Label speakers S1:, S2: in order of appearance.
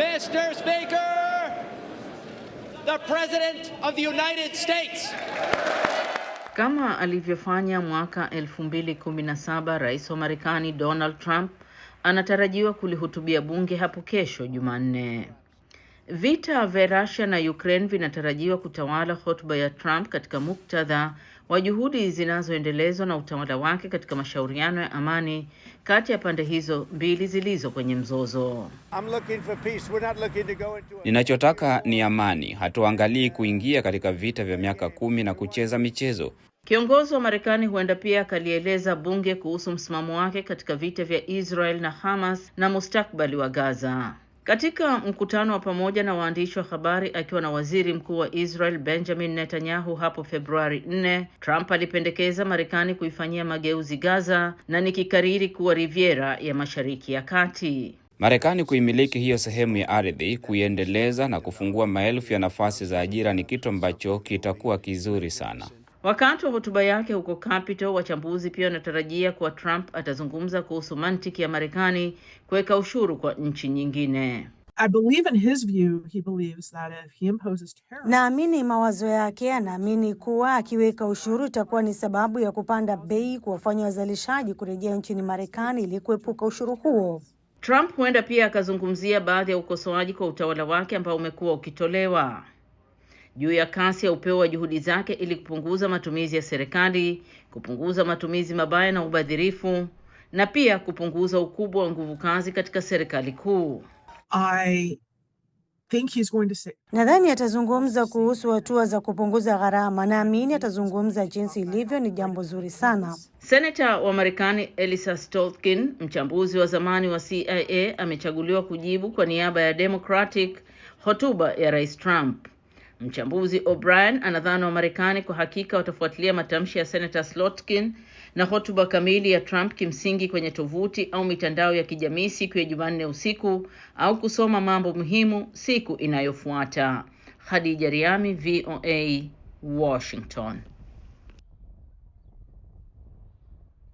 S1: Mr. Speaker, the President of the United States.
S2: Kama alivyofanya mwaka 2017, Rais wa Marekani Donald Trump anatarajiwa kulihutubia bunge hapo kesho Jumanne. Vita vya Russia na Ukraine vinatarajiwa kutawala hotuba ya Trump katika muktadha wa juhudi zinazoendelezwa na utawala wake katika mashauriano ya amani kati ya pande hizo mbili zilizo kwenye mzozo.
S3: Ninachotaka ni amani, hatuangalii kuingia katika vita vya miaka kumi na kucheza michezo.
S2: Kiongozi wa Marekani huenda pia akalieleza bunge kuhusu msimamo wake katika vita vya Israel na Hamas na mustakbali wa Gaza. Katika mkutano wa pamoja na waandishi wa habari akiwa na waziri mkuu wa Israel Benjamin Netanyahu hapo Februari 4, Trump alipendekeza Marekani kuifanyia mageuzi Gaza na nikikariri kuwa Riviera ya Mashariki ya Kati.
S3: Marekani kuimiliki hiyo sehemu ya ardhi, kuiendeleza na kufungua maelfu ya nafasi za ajira ni kitu ambacho kitakuwa kizuri sana.
S2: Wakati wa hotuba yake huko Capitol, wachambuzi pia wanatarajia kuwa Trump atazungumza kuhusu mantiki ya Marekani kuweka ushuru kwa nchi nyingine. Naamini mawazo yake, anaamini kuwa akiweka ushuru itakuwa ni sababu ya kupanda bei, kuwafanya wazalishaji kurejea nchini Marekani ili kuepuka ushuru huo. Trump huenda pia akazungumzia baadhi ya ukosoaji kwa utawala wake ambao umekuwa ukitolewa juu ya kasi ya upeo wa juhudi zake ili kupunguza matumizi ya serikali, kupunguza matumizi mabaya na ubadhirifu na pia kupunguza ukubwa wa nguvu kazi katika serikali kuu.
S4: I...
S2: Nadhani atazungumza kuhusu hatua za kupunguza gharama. Naamini atazungumza jinsi ilivyo, ni jambo zuri sana. Senata wa Marekani Elisa Stolkin, mchambuzi wa zamani wa CIA, amechaguliwa kujibu kwa niaba ya Democratic hotuba ya Rais Trump. Mchambuzi O'Brien anadhana wa Marekani kwa hakika watafuatilia matamshi ya Senator Slotkin na hotuba kamili ya Trump kimsingi kwenye tovuti au mitandao ya kijamii siku ya Jumanne usiku au kusoma mambo muhimu siku inayofuata. Khadija Riami, VOA, Washington.